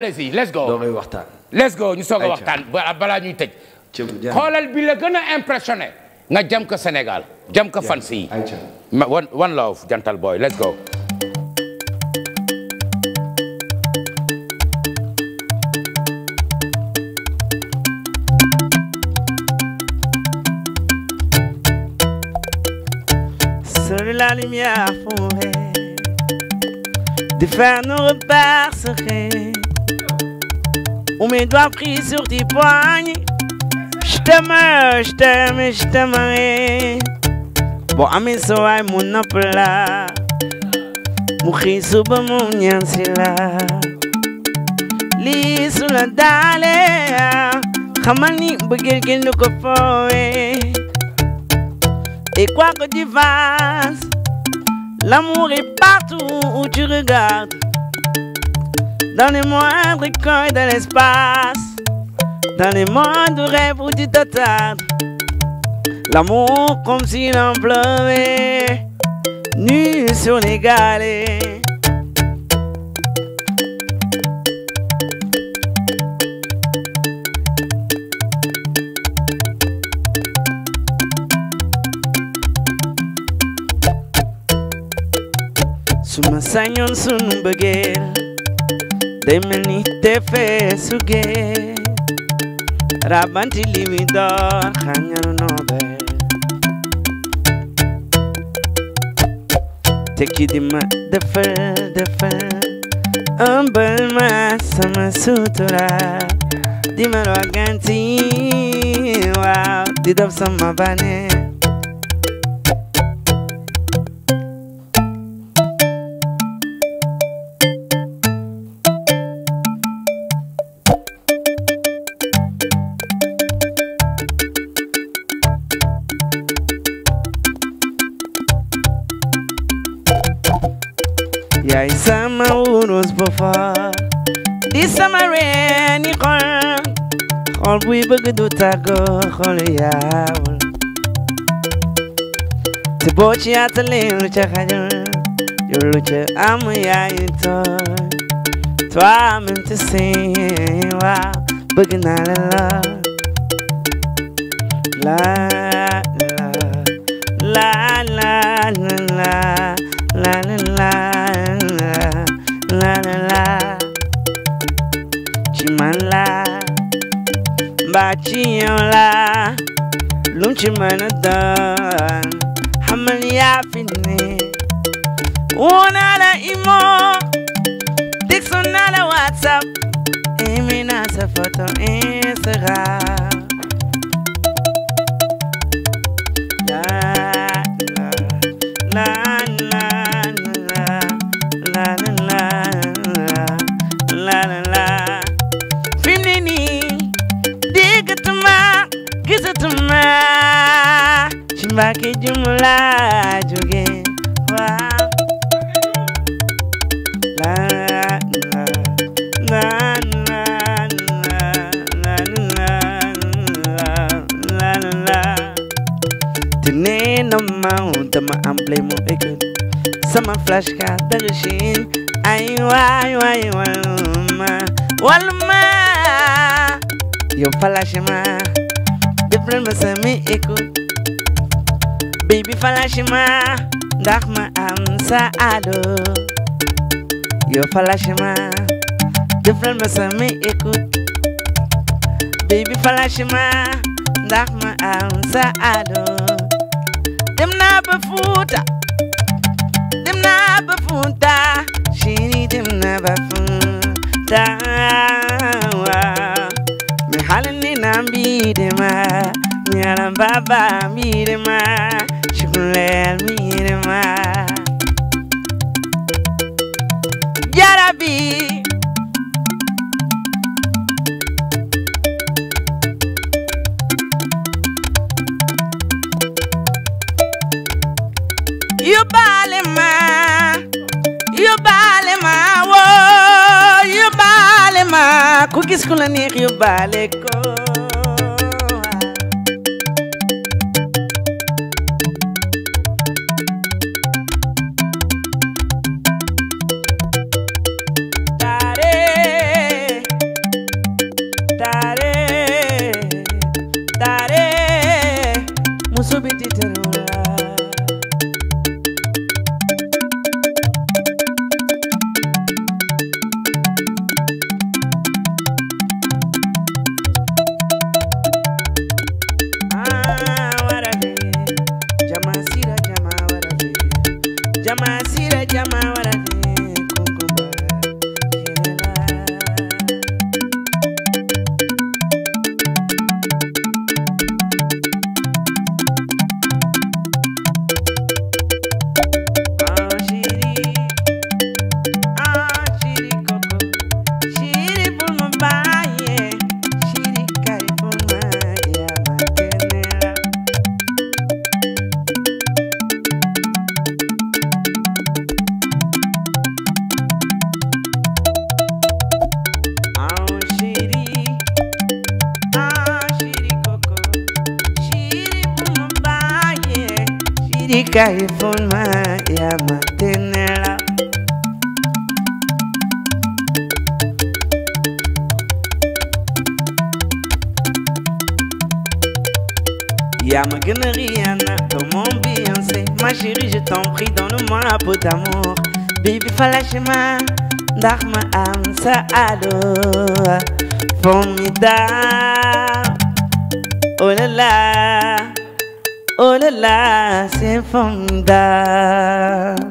allez-y let's go doon waxtaan. let's go ñu soog a waxtaan balaa ñuy tëj. xoolal bi la gën a impressionné. nga jëm ko Sénégal jëm ko fans yi. one one love jantal boy let's go. Seule la lumière pourrait défaire nos repères secrets. ou mes doigts pris sur tes poignes. Je t'aime, je t'aime, je t'aimerai. Bon, à mes soins, mon appela. Mourir sous mon lien, c'est là. Lii su la daale xamal ni bëggeel kenn du ko foowe et quoi que tu fasses, l'amour est partout où tu regardes. dans les moindres coins de l'espace, dans les mondes du rêve ou L'amour comme s'il en pleuvait, sur les galets. temelnite fesuge rabanti limidor khanyan nobe tekidima defal defal ambal ma sama sutura dimar waganti wow didab sama bane yaay sama wurus bu far di sama reeni xol xol buy bëgg du tàggoo xol yaaw te boo ci yaatalee lu ca xajal yow lu ca am yaay tooy toi-même tu sais waaw bëgg naa la la la la la la ńlá ńlá chima ńlá bàchíyàn ńlá lùchìmọ̀ ní dán hàmìlíyàfi ni wọn nàlẹ ìmọ̀ dixon nàlẹ whatsapp èmi náà ṣe fọ́tò Instagram. Mbàkke jumla jóge waaw dama am play mu écoute sama flash card daga siin ay waay waay walma walma yo flash ma def ma sami écoute baby falashi ma ndax ma am sa ado yo falashi ma defal ma sama écoute baby falashi ma ndax ma am sa ado dem naa ba Fuuta dem naa ba Fuuta chéri dem naa ba Fuuta waaw mi halin ni na ah. mbi de ma ñaram baba mbi de ma leel miir ma jarabi yu baale ma yu baale ma woo yu baale ma ku gis ku la neex yu baale ko llamaban América hay forma ya mantenerla. Ya Ma chérie, je t'en prie, donne-moi un peu d'amour. Baby, falashima, darma am saado. Formidable, oh là là. oh là là, c'est formidable.